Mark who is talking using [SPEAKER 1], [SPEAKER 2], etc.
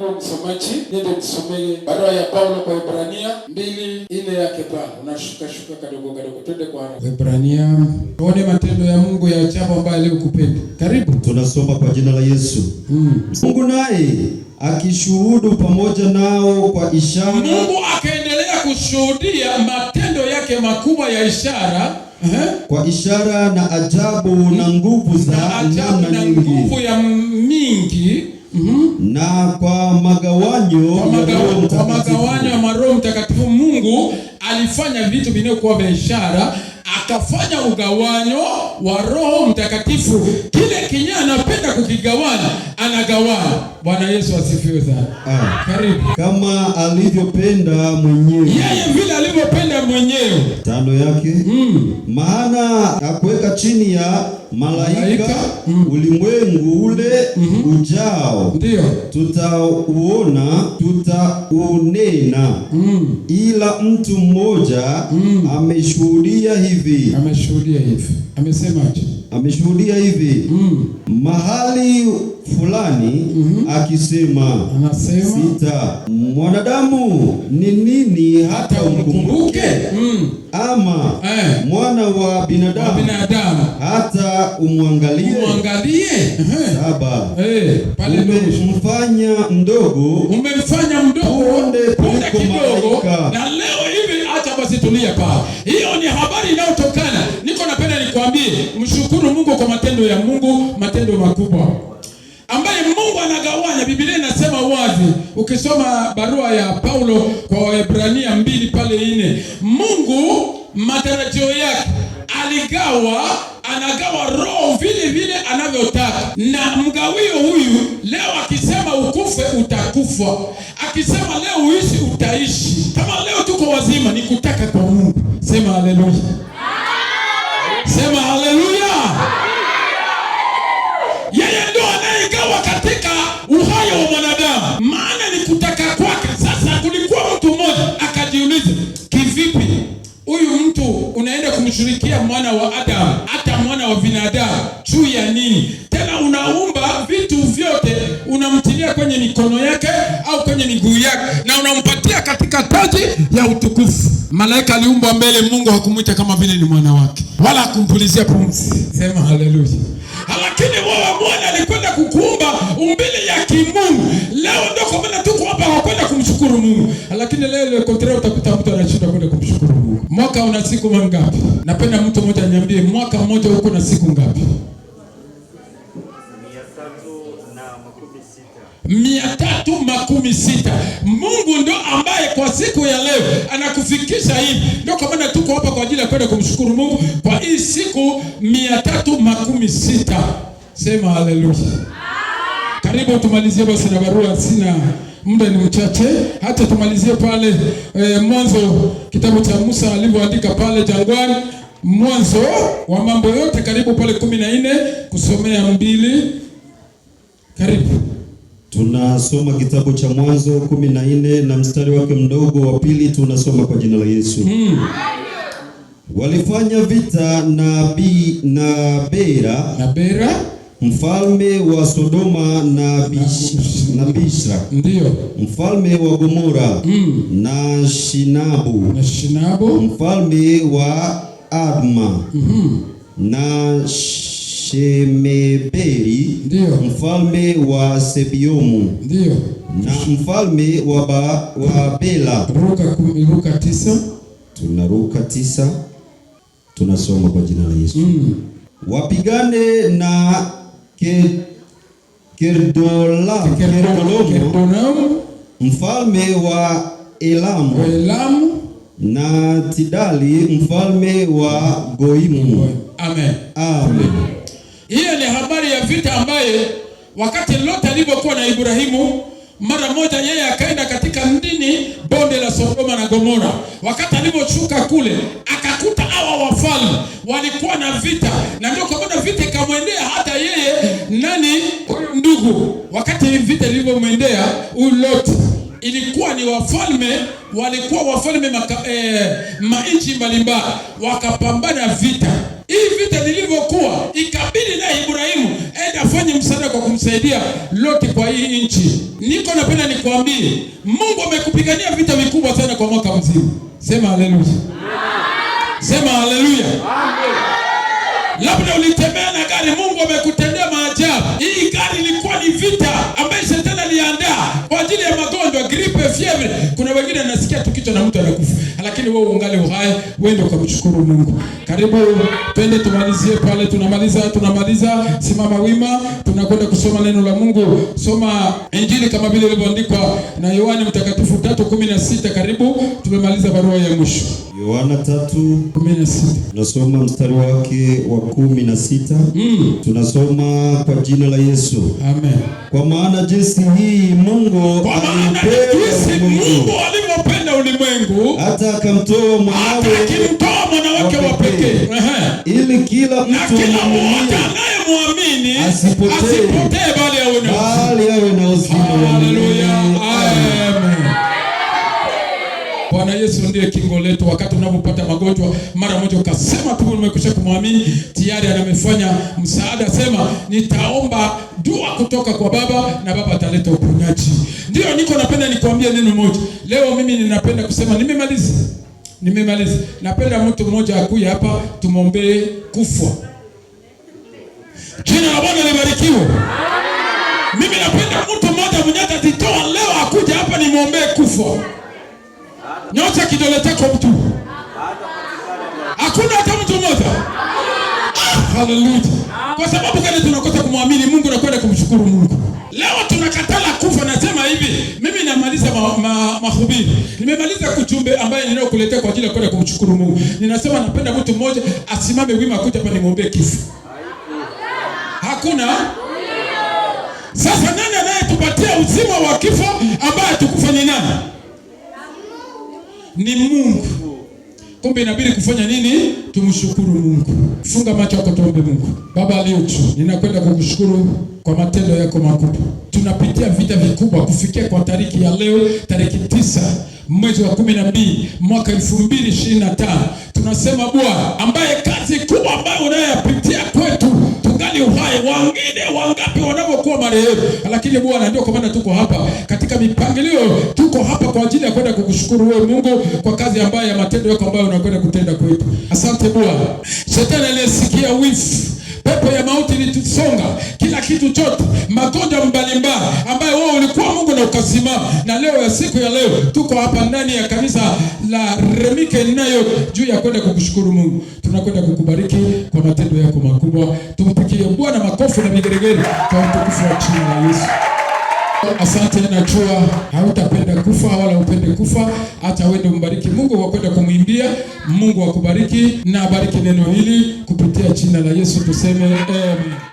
[SPEAKER 1] Ndugu msomaji, nende nisomee barua ya Paulo kwa Ibrania mbili ile yake pale, shuka kadogo kadogo, twende kwa haraka.
[SPEAKER 2] Ibrania, tuone matendo ya Mungu ya ajabu ambayo alikupenda. Karibu tunasoma kwa jina la Yesu. Hmm. Mungu naye akishuhudu pamoja nao kwa ishara.
[SPEAKER 1] Mungu akaendelea kushuhudia matendo yake makubwa ya ishara
[SPEAKER 2] Uh Kwa ishara na ajabu na nguvu za
[SPEAKER 1] na ajabu na nguvu ya mingi
[SPEAKER 2] mm -hmm. na kwa magawanyo
[SPEAKER 1] kwa magawanyo ya Roho Mtakatifu Mungu alifanya vitu vinavyokuwa vya ishara akafanya ugawanyo wa Roho Mtakatifu. Kile kinye anapenda kukigawana anagawana. Bwana Yesu asifiwe sana. Ah. Karibu
[SPEAKER 2] kama alivyopenda mwenyewe
[SPEAKER 1] yeye vile alivyopenda mwenyewe.
[SPEAKER 2] Tano yake mm. maana akuweka chini ya malaika mm. ulimwengu ule mm -hmm. ujao, ndio tutauona tutaunena mm. ila mtu mmoja mm. ameshuhudia hivi,
[SPEAKER 1] ameshuhudia hivi, amesemaje?
[SPEAKER 2] ameshuhudia hivi mm. mahali fulani mm -hmm. akisema, anasema sita, mwanadamu ni nini hata umkumbuke mm. ama eh. mwana wa binadamu,
[SPEAKER 1] binadamu
[SPEAKER 2] hata umwangalie
[SPEAKER 1] umwangalie saba eh.
[SPEAKER 2] umemfanya mdogo,
[SPEAKER 1] umemfanya mdogo, punde kuliko malaika. Na leo hivi, acha basi tulie pale matendo ya Mungu, matendo makubwa ambaye Mungu anagawanya. Biblia inasema wazi, ukisoma barua ya Paulo kwa Waebrania mbili pale nne, Mungu matarajio yake aligawa, anagawa roho vile vile anavyotaka. Na mgawio huyu, leo akisema ukufe utakufa, akisema leo uishi utaishi. Kama leo tuko wazima, ni kutaka kwa Mungu. Sema haleluya. unamshirikia mwana wa Adamu, hata mwana wa binadamu, juu ya nini? Tena unaumba vitu vyote, unamtilia kwenye mikono yake au kwenye miguu yake, na unampatia katika taji ya utukufu. Malaika aliumbwa mbele Mungu, hakumwita kama vile ni mwana wake, wala hakumpulizia pumzi. Sema haleluya! Lakini wewe mwana alikwenda kukuumba umbile ya kimungu. Leo ndio kwa maana tuko hapa, hakwenda kumshukuru Mungu, lakini leo ile kontra utakuta mtu anashinda kwenda kumshukuru Mwaka una siku mangapi? Napenda mtu mmoja aniambie mwaka mmoja uko na siku ngapi? mia tatu makumi sita. Mungu ndo ambaye kwa siku ya leo anakufikisha hivi. Ndio kwa maana tuko hapa kwa ajili ya kwenda kumshukuru Mungu kwa hii siku mia tatu makumi sita. Sema haleluya! Karibu tumalizie basi na barua sina muda ni mchache, hata tumalizie pale e, Mwanzo, kitabu cha Musa alivyoandika pale jangwani, mwanzo wa mambo yote, karibu pale kumi na nne kusomea mbili. Karibu
[SPEAKER 2] tunasoma kitabu cha Mwanzo kumi na nne na mstari wake mdogo wa pili, tunasoma kwa jina la Yesu hmm. Walifanya vita na, bi, na Bera,
[SPEAKER 1] na Bera
[SPEAKER 2] mfalme wa Sodoma na Bishra, ndio mfalme wa Gomora mm. na Shinabu,
[SPEAKER 1] na Shinabu
[SPEAKER 2] mfalme wa Adma mm -hmm. na Shemeberi mfalme wa Sebiomu ndio na mfalme wa, ba, wa Bela.
[SPEAKER 1] Ruka, ruka tisa,
[SPEAKER 2] tunaruka tisa, tunasoma kwa jina la Yesu mm. wapigane na mfalme wa Elamu,
[SPEAKER 1] Elamu
[SPEAKER 2] na Tidali mfalme wa Goimu. Amen. Amen.
[SPEAKER 1] Hiyo ni habari ya vita ambaye wakati lote alipokuwa na Ibrahimu mara moja yeye akaenda katika mdini bonde la Sodoma na Gomora. Wakati aliposhuka kule akakuta hawa wafalme walikuwa na vita, na ndio kwa vita nani huyu ndugu, wakati vita ilivyomwendea huyu Lot, ilikuwa ni wafalme walikuwa wafalme eh, mainchi mbalimbali wakapambana vita hii. Vita lilivyokuwa ikabidi na Ibrahimu enda afanye msaada kwa kumsaidia Loti kwa hii nchi. Niko napenda nikwambie, Mungu amekupigania vita vikubwa sana kwa mwaka mzima. Sema haleluya, sema haleluya. Labda ulitembea na gari, Mungu amekutendea wengine anasikia tukito na mtu anakufa, lakini wewe ungali uhai, wende ukamshukuru Mungu. Karibu twende tumalizie pale, tunamaliza tunamaliza. Simama wima, tunakwenda kusoma neno la Mungu. Soma Injili kama vile ilivyoandikwa na Yohani Mtakatifu 3:16. Karibu tumemaliza barua ya mwisho.
[SPEAKER 2] Yohana tatu
[SPEAKER 1] kumi na sita
[SPEAKER 2] tunasoma mstari wake wa kumi na sita mm. tunasoma kwa jina la Yesu Amen. Kwa maana jinsi hii Mungu
[SPEAKER 1] alivyopenda ulimwengu
[SPEAKER 2] hata akamtoa
[SPEAKER 1] mwanawe mwanawake wa pekee
[SPEAKER 2] ili kila
[SPEAKER 1] mtu anayemwamini
[SPEAKER 2] asipotee bali awe na
[SPEAKER 1] uzima. Haleluya. Bwana Yesu ndiye kingo letu. Wakati unapopata magonjwa, mara moja ukasema tu nimekwisha kumwamini, tayari anamefanya msaada. Sema nitaomba dua kutoka kwa Baba na Baba ataleta uponyaji. Ndio niko napenda nikwambie neno moja leo. Mimi ninapenda kusema nimemaliza, nimemaliza. Napenda mtu mmoja akuye hapa tumwombee kufa. Jina la Bwana libarikiwe. Mimi napenda mtu mmoja mwenye atajitoa leo akuja hapa nimwombee kufa. Nyosha kidole chako mtu, hakuna hata mtu mmoja. Haleluya! Kwa sababu gani tunakosa kumwamini Mungu na kwenda kumshukuru Mungu? Leo tunakatala kufa. Nasema hivi, mimi namaliza mahubiri ma, ma nimemaliza kujumbe ambaye ninayokuletea kwa ajili ya kwenda kumshukuru Mungu. Ninasema napenda mtu mmoja asimame wima, kuja hapa nimwombee kifo. Hakuna. Sasa nani anayetupatia uzima wa kifo ambaye tukufanye nani? ni Mungu. Kumbe inabidi kufanya nini? Tumshukuru Mungu. Funga macho yako, tuombe Mungu. Baba aliye juu, ninakwenda kukushukuru kwa matendo yako makubwa. Tunapitia vita vikubwa kufikia kwa tariki ya leo, tariki tisa mwezi wa kumi na mbili mwaka elfu mbili ishirini na tano. Tunasema Bwana, ambaye kazi kubwa ambayo unayapitia kwetu tungali uhai, wangine wangapi wanapokuwa marehemu, lakini Bwana ndio kwa maana tuko hapa katika mipangilio, tuko hapa kwa ajili ya kwenda kukushukuru wewe Mungu kwa kazi ambayo ya matendo yako ambayo unakwenda kutenda kwetu. Asante Bwana. Shetani aliyesikia wivu pepo ya mauti ilitusonga, kila kitu chote, magonjwa mbalimbali ambayo wewe ulikuwa Mungu na ukasimama, na leo ya siku ya leo tuko hapa ndani ya kanisa la Remike nayo juu ya kwenda kukushukuru Mungu. Tunakwenda kukubariki kwa matendo yako makubwa. Tumpikie Bwana makofi na vigeregere kwa utukufu wa jina la Yesu. Asante, najua hautapenda kufa wala upende kufa. hata wende mbariki Mungu wakwenda kumwimbia. Mungu akubariki na bariki neno hili kupitia jina la Yesu, tuseme amen.